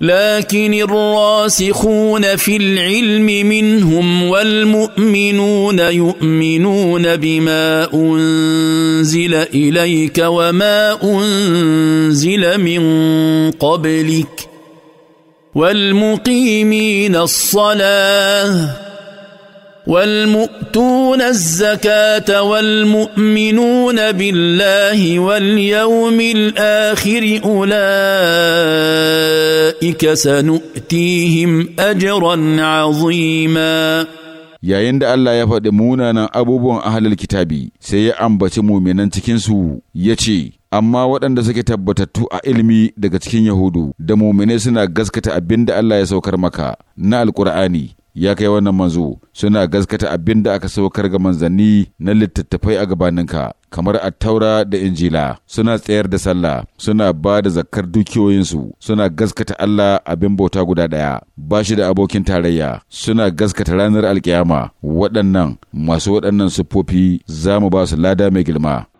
لكن الراسخون في العلم منهم والمؤمنون يؤمنون بما انزل اليك وما انزل من قبلك والمقيمين الصلاه والمؤتون الزكاه والمؤمنون بالله واليوم الاخر اولئك سنؤتيهم اجرا عظيما yayin da Allah ya faɗi munanan abubuwan ahalil kitabi sai ya ambaci muminan cikinsu ya ce, Amma waɗanda suke tabbatattu a ilimi daga cikin Yahudu da muminai suna gaskata abin da Allah ya saukar maka na Alƙur'ani ya kai wannan manzo suna gaskata abin da aka saukar ga manzanni na littattafai a gabaninka kamar a taura da injila suna tsayar da sallah suna ba da zakkar dukiyoyinsu suna gaskata Allah abin bauta guda ɗaya ba shi da abokin tarayya suna gaskata ranar alkiyama waɗannan masu waɗannan siffofi za mu ba su lada mai girma